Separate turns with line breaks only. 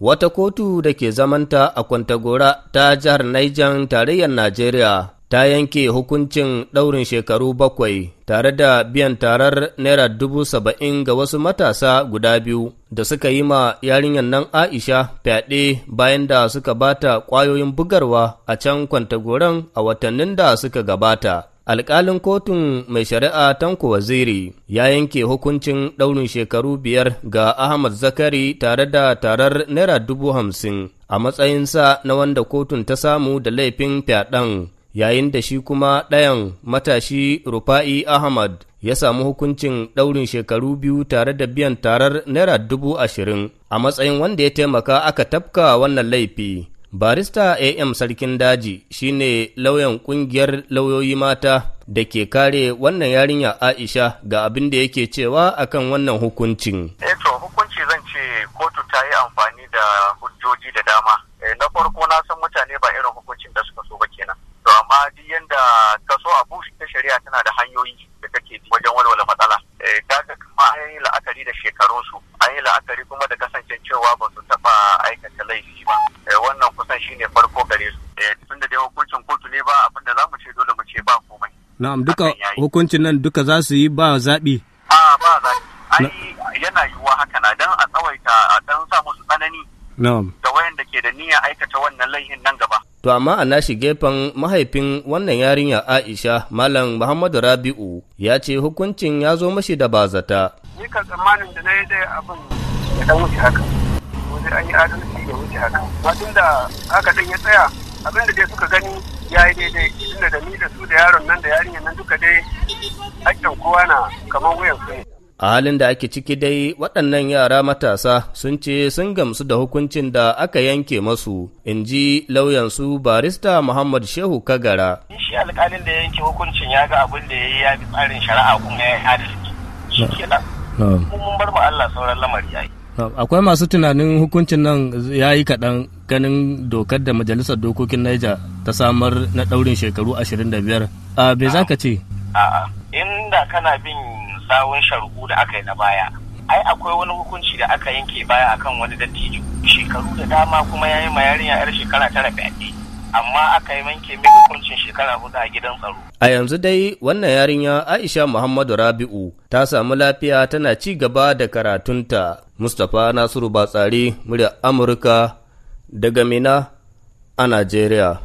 Wata kotu da ke zamanta a Kwantagora ta jihar nijan tarayyar Najeriya ta yanke hukuncin ɗaurin shekaru bakwai tare da biyan tarar naira dubu saba'in ga wasu matasa guda biyu da suka yi ma yarinyar nan Aisha fyaɗe bayan da suka bata ƙwayoyin bugarwa a can Kwantagoran a watannin da suka gabata. Alƙalin kotun mai shari'a Tanko Waziri ya yanke hukuncin ɗaurin shekaru biyar ga Ahmad Zakari tare da tarar Naira dubu hamsin a matsayinsa na wanda kotun ta samu da laifin fyaɗan, yayin da shi kuma ɗayan matashi Rufa'i Ahmad ya samu hukuncin ɗaurin shekaru biyu tare da biyan tarar Naira dubu ashirin a matsayin wanda ya taimaka aka tafka wannan laifi. Barista AM Sarkin Daji shi ne lauyan ƙungiyar lauyoyi mata da ke kare wannan yarinya Aisha ga abin da yake cewa akan wannan hukuncin. Eto eh hukunci zan ce
kotu ta yi amfani da hujjoji da dama. Eh, na farko na san mutane ba irin hukuncin da suka so ba kenan. To amma duk yanda ka so a bushe ta shari'a tana da hanyoyi da take wajen walwala matsala. Eh, ga kuma an yi la'akari da shekarunsu, an yi la'akari kuma da kasancewa cewa ba su shine farko gare su eh, tunda dai hukuncin kotu ne ba abin da zamu ce dole mu ce ba komai
na'am duka hukuncin nan duka za su yi ba zaɓi
a ba zaɓi ai yana yiwuwa haka na dan a tsawaita a dan sa musu tsanani
na'am da wayanda ke da niyya aikata wannan laihin nan gaba to amma a nashi gefen mahaifin wannan yarinya Aisha Malam Muhammadu Rabi'u ya ce hukuncin ya zo mashi da bazata.
Ni ka tsammanin da na yi dai abin ya dan wuce haka. wajen an yi adalci da wuce haka ba tun da haka din ya tsaya abin da dai suka gani ya yi daidai inda da ni da su da yaron nan da yarinyar nan duka dai hakkin kowa na kamar wuyan su
ne
a halin da ake ciki dai waɗannan yara matasa sun ce sun gamsu da hukuncin da aka yanke masu in ji lauyansu barista muhammad shehu kagara
shi alƙalin da yanke hukuncin ya ga abin da ya yi ya bi tsarin shari'a kuma ya yi adalci shi kenan mun bar mu allah sauran lamari yayi
akwai masu tunanin hukuncin nan ya yi kaɗan ganin dokar da majalisar dokokin Niger ta samar na ɗaurin shekaru 25 a me za ka ce
inda kana bin sawun sharhu da aka yi na baya ai akwai wani hukunci da aka yanke baya akan wani dattijo shekaru da dama kuma ya yi ma yarinya yar shekara tara fyaɗe amma aka yi manke mai hukuncin shekara hudu a
gidan tsaro. A yanzu dai wannan yarinya Aisha Muhammadu Rabi'u ta samu lafiya tana ci gaba da karatunta. Mustapha Nasiru Batsari, murya Amurka daga Mina a Najeriya.